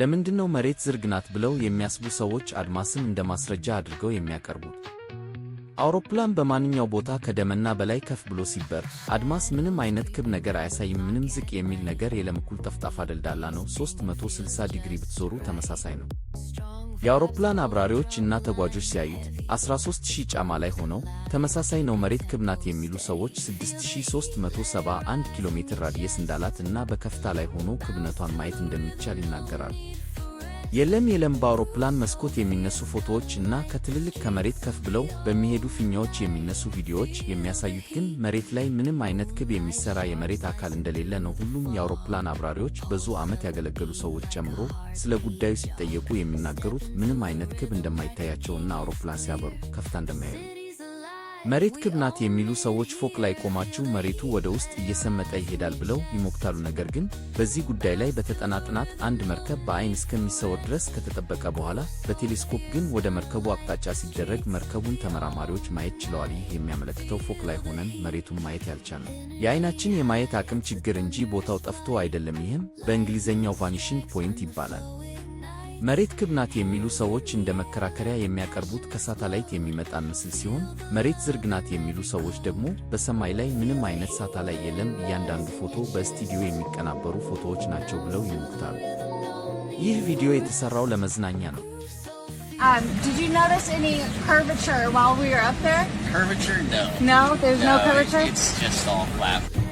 ለምንድነው መሬት ዝርግ ናት ብለው የሚያስቡ ሰዎች አድማስን እንደ ማስረጃ አድርገው የሚያቀርቡት? አውሮፕላን በማንኛው ቦታ ከደመና በላይ ከፍ ብሎ ሲበር አድማስ ምንም አይነት ክብ ነገር አያሳይም። ምንም ዝቅ የሚል ነገር የለም። እኩል ጠፍጣፋ ደልዳላ ነው። 360 ዲግሪ ብትዞሩ ተመሳሳይ ነው። የአውሮፕላን አብራሪዎች እና ተጓዦች ሲያዩት 13000 ጫማ ላይ ሆነው ተመሳሳይ ነው መሬት ክብናት የሚሉ ሰዎች 6371 ኪሎ ሜትር ራዲየስ እንዳላት እና በከፍታ ላይ ሆኖ ክብነቷን ማየት እንደሚቻል ይናገራል የለም የለም በአውሮፕላን መስኮት የሚነሱ ፎቶዎች እና ከትልልቅ ከመሬት ከፍ ብለው በሚሄዱ ፊኛዎች የሚነሱ ቪዲዮዎች የሚያሳዩት ግን መሬት ላይ ምንም አይነት ክብ የሚሰራ የመሬት አካል እንደሌለ ነው። ሁሉም የአውሮፕላን አብራሪዎች በዙ ዓመት ያገለገሉ ሰዎች ጨምሮ ስለ ጉዳዩ ሲጠየቁ የሚናገሩት ምንም አይነት ክብ እንደማይታያቸውና አውሮፕላን ሲያበሩ ከፍታ እንደማያዩ መሬት ክብ ናት የሚሉ ሰዎች ፎቅ ላይ ቆማችሁ መሬቱ ወደ ውስጥ እየሰመጠ ይሄዳል ብለው ይሞክታሉ። ነገር ግን በዚህ ጉዳይ ላይ በተጠና ጥናት አንድ መርከብ በአይን እስከሚሰወር ድረስ ከተጠበቀ በኋላ በቴሌስኮፕ ግን ወደ መርከቡ አቅጣጫ ሲደረግ መርከቡን ተመራማሪዎች ማየት ችለዋል። ይህ የሚያመለክተው ፎቅ ላይ ሆነን መሬቱን ማየት ያልቻልነው የአይናችን የማየት አቅም ችግር እንጂ ቦታው ጠፍቶ አይደለም። ይህም በእንግሊዝኛው ቫኒሽንግ ፖይንት ይባላል። መሬት ክብ ናት የሚሉ ሰዎች እንደ መከራከሪያ የሚያቀርቡት ከሳተላይት የሚመጣን ምስል ሲሆን፣ መሬት ዝርግ ናት የሚሉ ሰዎች ደግሞ በሰማይ ላይ ምንም አይነት ሳተላይት የለም፣ እያንዳንዱ ፎቶ በስቱዲዮ የሚቀናበሩ ፎቶዎች ናቸው ብለው ይሞግታሉ። ይህ ቪዲዮ የተሰራው ለመዝናኛ ነው። Um,